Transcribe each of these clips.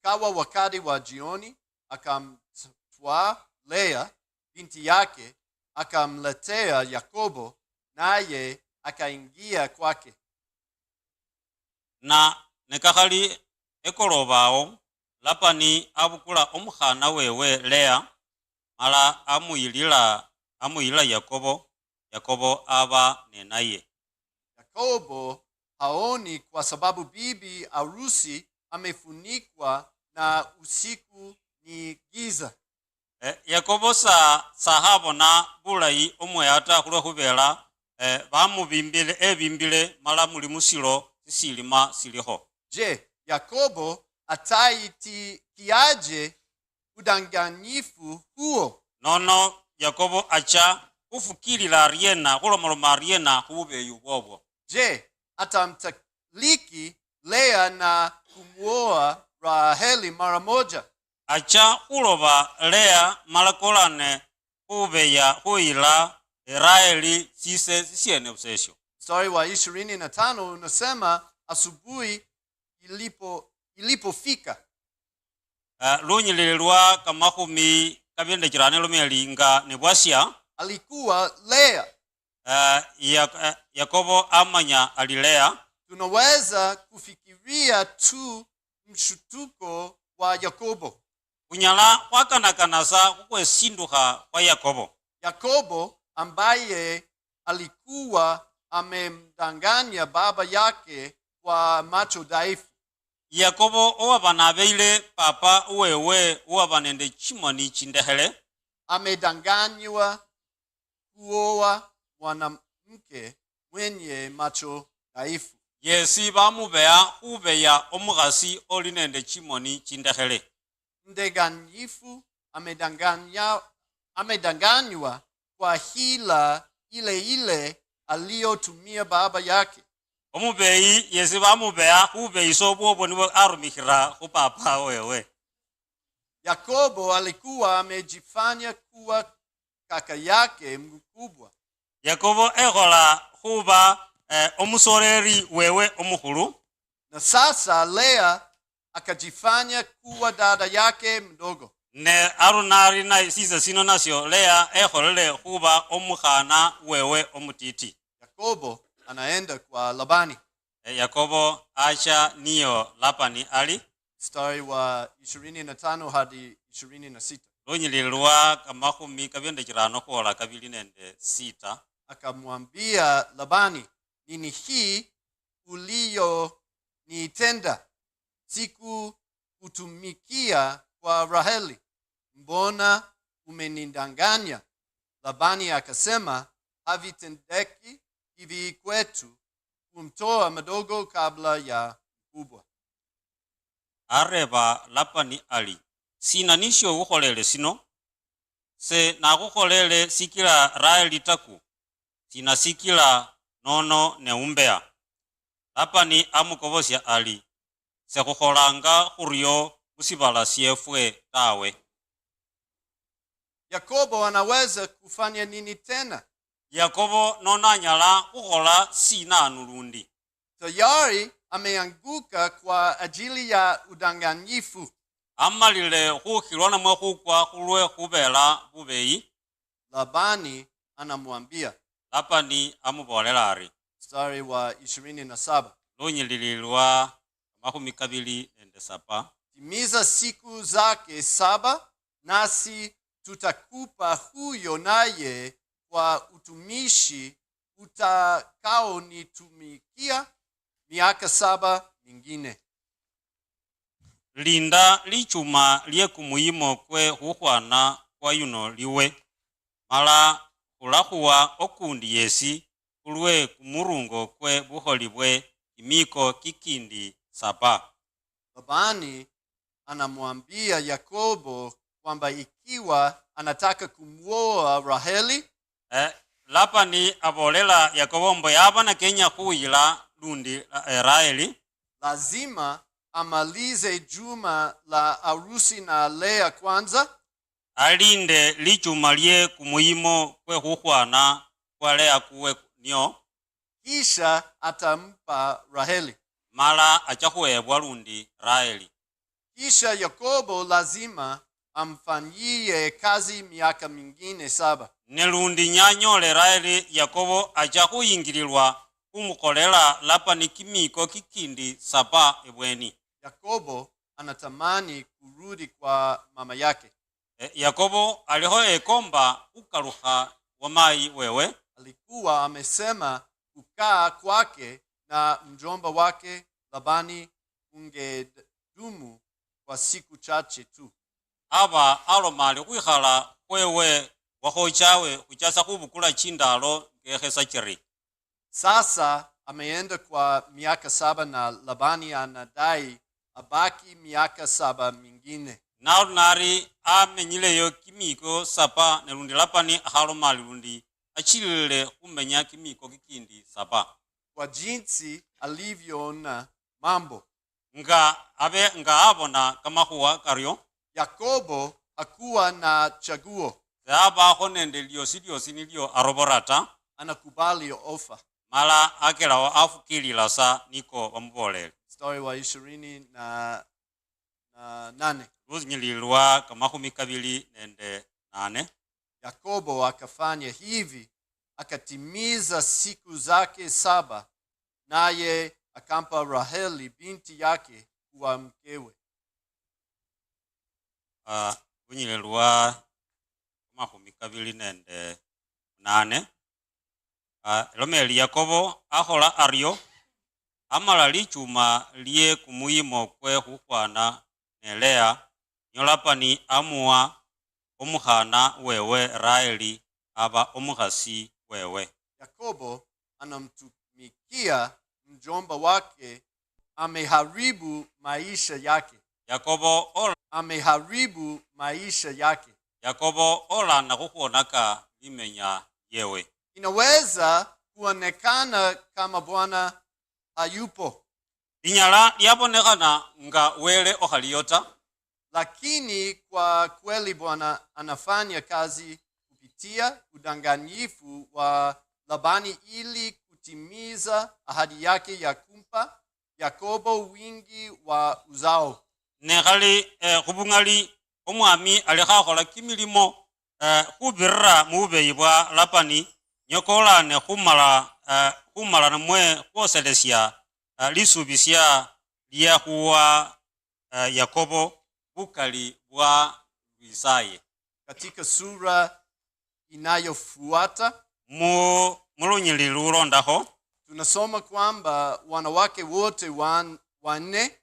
Ikawa wakati wa jioni, akamtwaa Lea binti yake, akamletea Yakobo, naye akaingia kwake. na nekakhali ekolobawo lapani abukula omukhana wewe lea mala amuyilila amuyila yakobo yakobo aba nenaye yakobo haoni kwa sababu bibi arusi amefunikwa na usiku ni giza yakobosa eh, yakobo sahabona bulayi omweya ta khulwekhubeela eh, bamubimbile ebimbile mala muli musilo sisilima silikho je yakobo ataitikiaje udanganyifu huo nono yakobo acha khufukilila aryena khulomaloma aryena khububeyu bwobwo je atamtaliki leya na kumwoa Raheli mara moja acha uloba lea malakolane ubeya huila Raheli sise sisiene usesho. Mstari wa ishirini na tano unasema asubuhi ilipo ilipofika uh, eh, lunyilile lwa kamahumi lumeli nga ni bwasia alikuwa Lea uh, ya, uh, Yakobo amanya ali Lea tunaweza kufikiria tu mshutuko wa Yakobo. Kunyala wakanakanasa kukwesinduha kwa Yakobo. Yakobo ambaye alikuwa amemdanganya baba yake kwa macho dhaifu. Yakobo owavanaveile papa wewe owava nende chimoni chindehele. Amedanganywa kuoa mwanamke mwenye macho dhaifu yesi bamubeya khubeya omukhasi oli nende chimoni chindekhele mdanganyifu amedanganywa kwa hila ile ile aliyotumia baba yake omubeyi yesi bamubeya ubeyisa obwobwo nibwo arumikhira khupapa wewe yakobo alikuwa amejifanya kuwa kaka yake mkubwa yakobo ekhola khuba Eh, omusoreri wewe omuhuru. Na sasa Lea akajifanya kuwa dada yake mdogo ne arunari na sisa sino nasio Lea eholele kuba omukhana wewe omutiti. Yakobo anaenda kwa Labani. E, Yakobo acha niyo Labani ali mstari wa 25 hadi 26 lunyililwa kamakhumi kabyendekhirano khuwola kabili nende sita akamwambia Labani nini hii uliyonitenda? kutumikia kwa Raheli, mbona umenidanganya? Labani akasema, havitendeki hivi kwetu kumtoa madogo kabla ya mkubwa. areva Labani ali sina nisho ukholele sino se nakukholele sikila Raheli taku sikila nono ne lapani amukobosya ali sekhukholanga khuryo musibala syefwe tawe yakobo anaweza kufanya nini tena yakobo nono anyala khukhola sinanu lundi tayari ameanguka kwa ajili ya udanganyifu amalile khukhilwa namwe khukwa khulwe khubela bubeyi labani anamwambia lapa ni amubolerari mstari wa ishirini na saba lunyilililwa mahumi kabili ende sapa timiza siku zake saba nasi tutakupa huyo naye kwa utumishi utakaonitumikia miaka saba mingine linda lichuma lye kumuimo kwe hukwana kwa yuno liwe mala khulakhuwa okundi yesi khulwe kumurungo kwe bukholi bwe kimiko kikindi saba labani anamwambia yakobo kwamba ikiwa anataka kumwoa raheli eh, ni abolela yakobo mbo yaba na kenya khuyila lundi eh, raheli lazima amalize juma la arusi na lea kwanza alinde lichuma lye kumuimo kwe khukhwana kwalea kuwe nyo kisha atampa Raheli, mala acha khuebwa lundi Raheli. Kisha Yakobo lazima amfanyiye kazi miaka mingine saba, ne lundi nyanyole Raheli Yakobo acha khuyingililwa khumukholela Lapani kimiko kikindi saba ebweni. Yakobo anatamani kurudi kwa mama yake Eh, Yakobo alihoya yekomba ukaluha wa mai wewe. Alikuwa amesema kukaa kwake na mjomba wake Labani ungedumu kwa siku chache tu. Aba alomale kwihala kwewe wahochawe huchasa kubukula chindalo ngehesa chiri. Sasa ameenda kwa miaka saba na Labani anadai abaki miaka saba mingine amenyile amenyileyo kimiko sapa nelundi lapani mali lundi achilile kumenya kimiko kikindi sapa kwa jinsi alivyoona mambo nga ave nga abona kamakhuwa karyo yakobo akuwa na chaguo saabaho nende lyosi lyosi nilyo arobora ta yo ofa mala akelawo afukilila sa niko bamubolele story wa na Uh, nane luzinyililwa nga kabili nende nane yakobo akafanya hivi akatimiza siku zake saba naye akampa raheli binti yake kuwa mkewe uh, lunyililwa kabili nende nane uh, elomeli yakobo akhola aryo amala lichuma lye kumuyimo kwe khukhwana neleya nyolapa ni amuwa omukhana wewe raeli aba omukhasi wewe yakobo anamtumikia mjomba wake ameharibu maisha yake yakobo ola... ameharibu maisha yake yakobo olana khukhwonaka limenya yewe inaweza kuonekana kama bwana hayupo linyala lyabonekhana nga wele okhaliyo ta lakini kwa kweli Bwana anafanya kazi kupitia udanganyifu wa Labani ili kutimiza ahadi yake ya kumpa Yakobo wingi wa uzao nekhali eh, khubungali omwami alikhakhola kimilimo eh, khubirira mububeyi bwa Labani nyokolane khumala eh, khumala namwe khwoselesya Uh, lisubisya lyakhuwa uh, yakobo bukali bwa lwisaye katika sura inayofuata mu mulunyili lulondakho tunasoma kwamba wanawake wote wanne wanne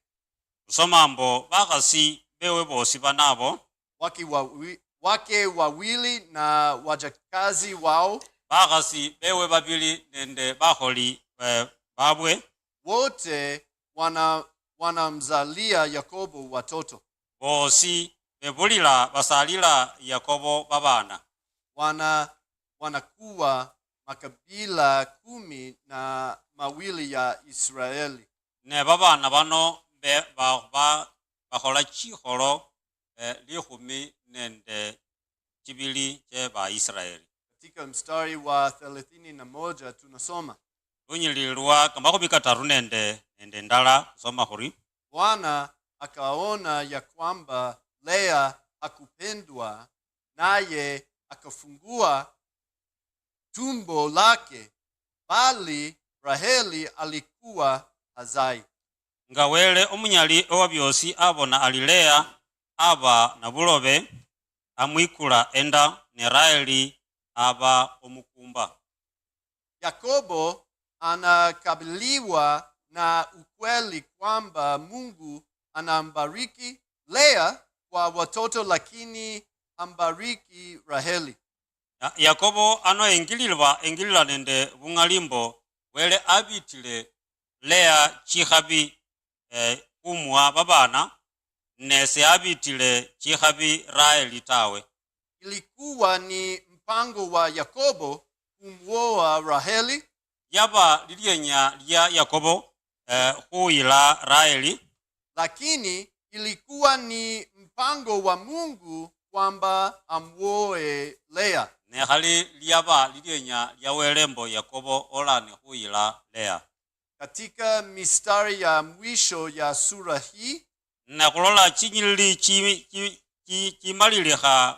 mbo bakhasi bewe bosi banabo wake, wawi, wake wawili na wajakazi wao bakhasi bewe babili nende bakholi uh, babwe wote wana wanamzalia yakobo watoto bosi bebulila basalila yakobo babana wana wanakuwa makabila kumi na mawili ya israeli ne babana bano bakhola chikholo eh, likhumi nende chibili che baisraeli katika mstari wa thelathini na moja tunasoma lunyililwa nga makumi nende nende ndala kusoma huri bwana akaona ya kwamba lea hakupendwa naye akafungua tumbo lake bali raheli alikuwa hazai nga wele omunyali owa byosi abona ali lea aba na bulobe amwikula enda ne raheli aba omukumba yakobo anakabiliwa na ukweli kwamba Mungu anambariki Lea kwa watoto, lakini ambariki Raheli. Ya, Yakobo anoengililwa engilila nende bung'alimbo wele abitile Lea chikhabi eh, kumuwa babana nese abitile chikhabi Raheli tawe. Ilikuwa ni mpango wa Yakobo kumwoa Raheli yaba lilienya lya Yakobo eh, huila Raeli, lakini ilikuwa ni mpango wa Mungu kwamba amwoe Lea nekhali lyaba lilienya lyawelembo Yakobo olani huila Lea. Katika mistari ya mwisho ya sura hii nakulola chinyilili chimalilikha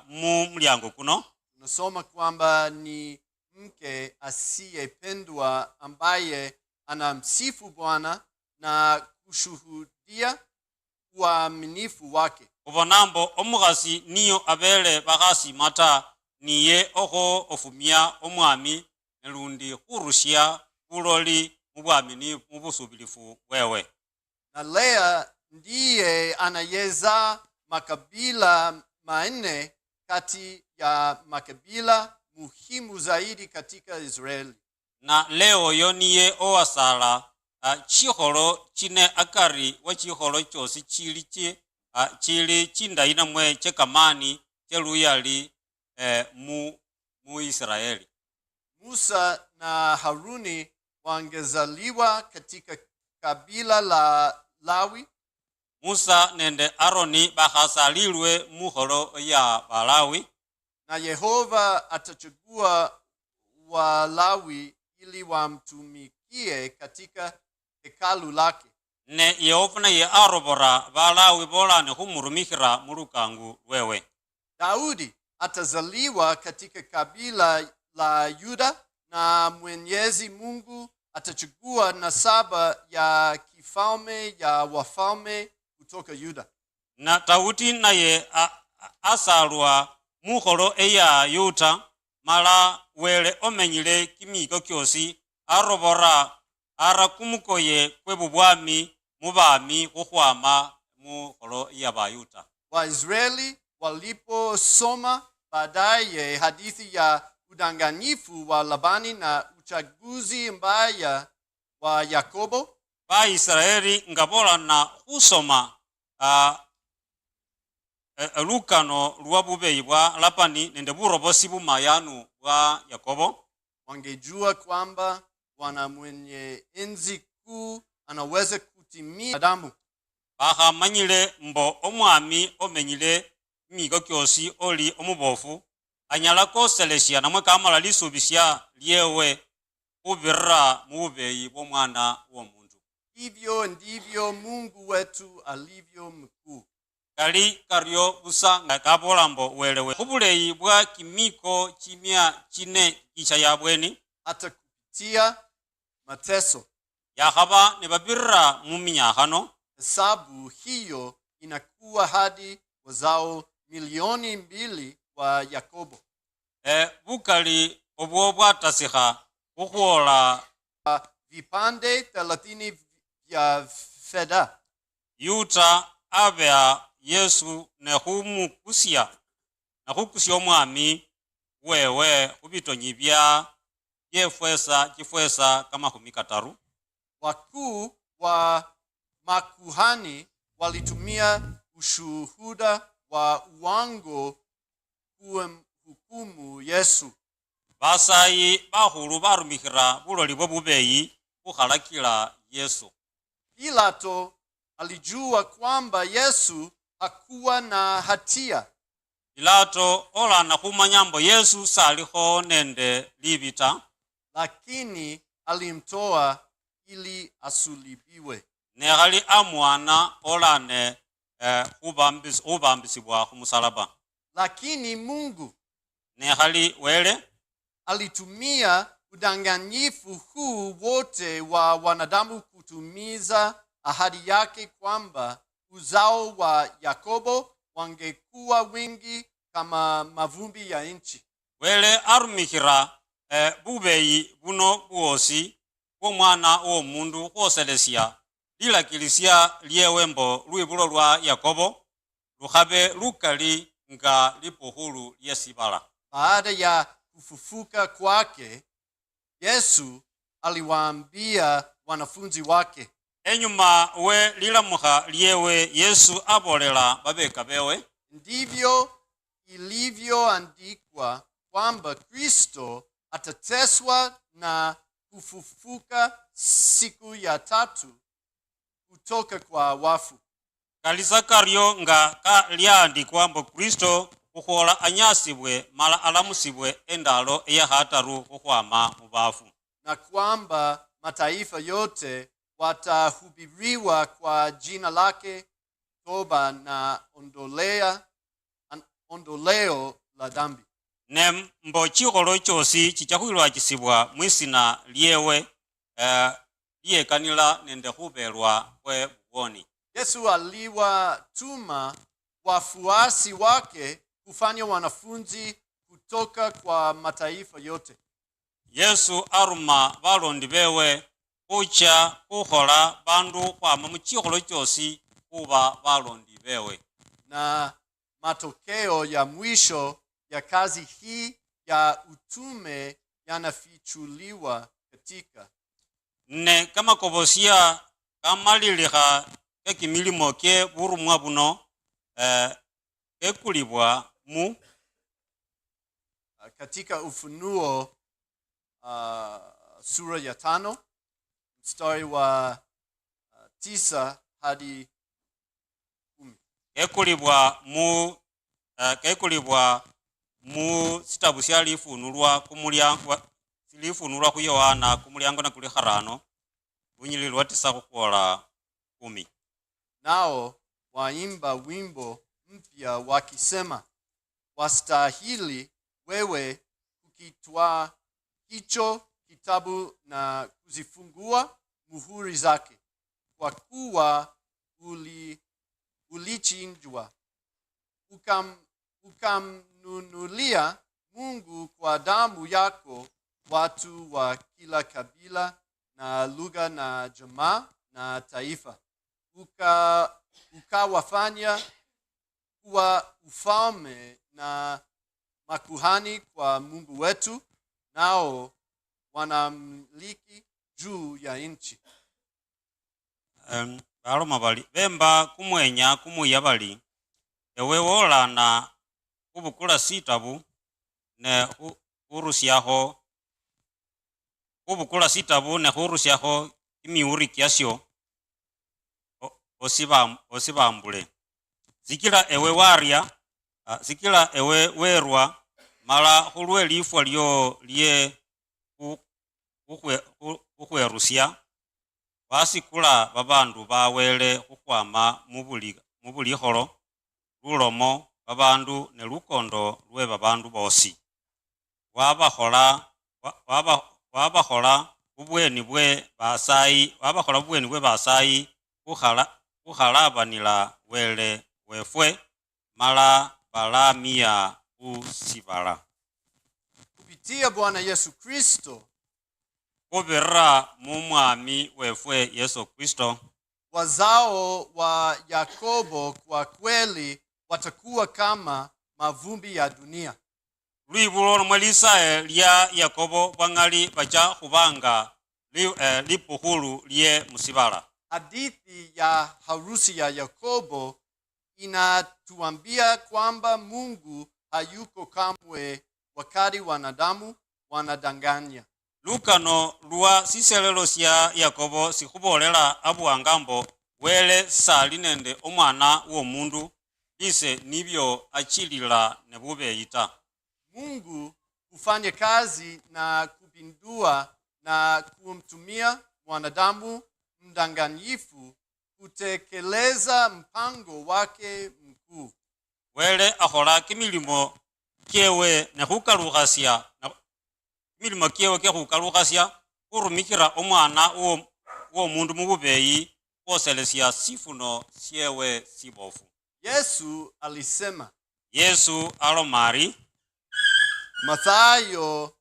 chi, chi, chi mu mulyango kuno nasoma kwamba ni mke asiyependwa ambaye anamsifu Bwana na kushuhudia uaminifu wake ovanambo omukhasi niyo abele bakhasi mata niye okho ofumia omwami nelundi khurusya buloli mubwamini mubusubilifu wewe na leya ndiye anayeza makabila manne kati ya makabila muhimu zaidi katika Israeli na leo yoniye owasala uh, chiholo chine akari wa chiholo chosi chili chi uh, chili chindayi namwe chekamani cheluyali eh, mu, mu Israeli. Musa na Haruni wangezaliwa katika kabila la Lawi. Musa nende Aroni bahasalilwe muholo ya Balawi na Yehova atachagua Walawi ili wamtumikie katika hekalu lake ne yehova naye arobora valawi volane humurumikira mulukangu lwewe Daudi atazaliwa katika kabila la Yuda na Mwenyezi Mungu atachagua nasaba ya kifalme ya wafalme kutoka Yuda na Daudi naye asalwa mukholo eya yuta mala wele omenyile kimiko kyosi arobora ara kumukoye kwe bubwami mu khukhwama mukholo iya bayuta waisraeli waliposoma baadaye hadithi ya udanganyifu wa labani na uchaguzi mbaya wa yakobo baisraeli nga bolana khusoma uh, Eh, eh, lugano lwa bubeyi bwa lapani nende burobosi bumayanu bwa Yakobo, wangejua kwamba Bwana mwenye enzi kuu anaweza kutimia adamu. Bakhamanyile mbo omwami omenyile miiko kyosi oli omubofu anyala koselesya namwe kamala lisubisya lyewe khubirira mububeyi bwomwana womundu. Hivyo ndivyo Mungu wetu alivyo mkuu kali karyo busa kabolambo welewe ubuleyi bwa kimiko chimia chine isha yabweni hata kupitia mateso yakhaba ne babirira mu minyakhano hesabu hiyo inakuwa hadi wazao milioni mbili wa yakobo e, bukali obwo bwatasikha khukhwola vipande thelathini vya feda yuta abea yesu nekhumukusya nekhukusya omwami wewe khubitonyi bya byefwesa chifwesa kamakhumi kataru wakuu wa makuhani walitumia ushuhuda wa uwango kuhukumu yesu basayi bakhulu barumikhira buloli bwe bubeyi khukhalakila yesu pilato alijua kwamba yesu hakuwa na hatia pilato olana khumanya mbo yesu salikho nende libi ta lakini alimtoa ili asulibiwe nekhali amwana olane khubambisibwa eh, khumusalaba lakini mungu nekhali wele alitumia udanganyifu huu wote wa wanadamu kutumiza ahadi yake kwamba uzao wa Yakobo wangekuwa wingi kama mavumbi ya nchi wele arumikhira eh, bubeyi buno bwosi bwomwana womundu khwoselesya lilakilisya lyewe mbo lwibulo lwa yakobo lukhabe lukali nga lipukhulu lyesibala sibala baada ya kufufuka kwake yesu aliwaambia wanafunzi wake enyuma we lilamukha lyewe yesu abolela babeka bewe ndivyo ilivyoandikwa kwamba kristo atateswa na kufufuka siku ya tatu kutoka kwa wafu kalisa karyo nga ka lyaandikwa mbo kristo khukhola anyasibwe mala alamusibwe endalo eyahataru khukhwama mubafu na kwamba mataifa yote watahubiriwa kwa jina lake toba na ondolea, ondoleo la dambi ne mbo chikholo chosi chichakhwilwa chisibwa mwisina lyewe uh, eh, nende khubelwa khwe buwoni yesu aliwatuma wafuasi wake kufanya wanafunzi kutoka kwa mataifa yote yesu aruma balondi bewe kucha khukhola bandu khwama muchikholo chosi khuba balondi bewe na matokeo ya mwisho ya kazi hii ya utume yanafichuliwa katika ne kamakobosia kamalilikha kekimilimo kye burumwa buno eh, kekulibwa mu katika ufunuo uh, sura ya tano mstari wa uh, tisa hadi kumi kekulibwa mu uh, kekulibwa mu sitabu sya lifunulwa kumulyango lifunulwa ku yohana kumulyango na kuli harano bunyilili lwa tisa khukwola kumi nao waimba wimbo mpya wakisema wastahili wewe kukitwa hicho kitabu na kuzifungua muhuri zake, kwa kuwa uli, ulichinjwa ukam, ukamnunulia Mungu kwa damu yako watu wa kila kabila na lugha na jamaa na taifa, uka ukawafanya kuwa ufalme na makuhani kwa Mungu wetu, nao wanamliki juu ya inchi baloma um, vali vemba kumwenya kumwiya vali ewe wolana kuvukula sitavu ne hurusyaho kuvukula sitavu ne hurusyaho kimiuri kyasyo osivambule sikila ewe warya sikila ewe werwa mala hulwe lifwa lyo lye khukhwerusia wasikula babandu bawele khukhwama mubulikholo lulomo babandu ne lukondo lwe babandu bosi wabakhola bubweni bwe basayi wabakhola bubweni bwe basayi khukhalabanila wele wefwe mala balamiya khusibala kupitia Bwana Yesu Kristo khubirira mumwami wefwe yesu kristo wazao wa yakobo kwa kweli watakuwa kama mavumbi ya dunia lwibulo namwe lisaye lya yakobo bang'ali bacha khubanga lipukhulu eh, lye musibala hadithi ya harusi ya yakobo inatuambia kwamba mungu hayuko kamwe wakati wanadamu wanadanganya lukano lwa siselelo sya yakobo sikhubolela abuwanga mbo wele sali nende omwana womundu ise nibyo achilila nebubeyi ta mungu ufanye kazi na kupindua na kumtumia mwanadamu mdanganyifu kutekeleza mpango wake mkuu wele akhola kimilimo kyewe nekhukalukhasya milimo kyewe kyekhukalukhasya khurumikhira omwana womundu mububeyi kwoselesya sifuno syewe sibofu yesu alisema yesu alomari mathayo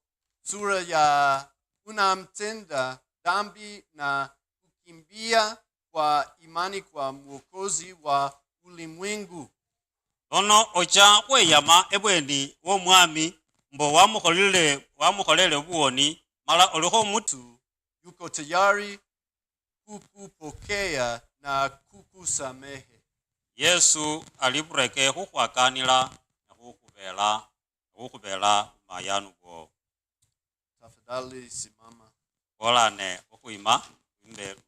sura ya unamtenda dambi na kukimbia kwa imani kwa mwokozi wa ulimwengu lono ocha khweyama ebweni womwami mbo wamukholele wamukholele buwoni mala olikho omutu yuko tayari kukupokea na kukusamehe yesu alipureke khukhwakanila nekhukubela nekhukubela umayanu bwowo tafadhali simama bolane okhwima imbelo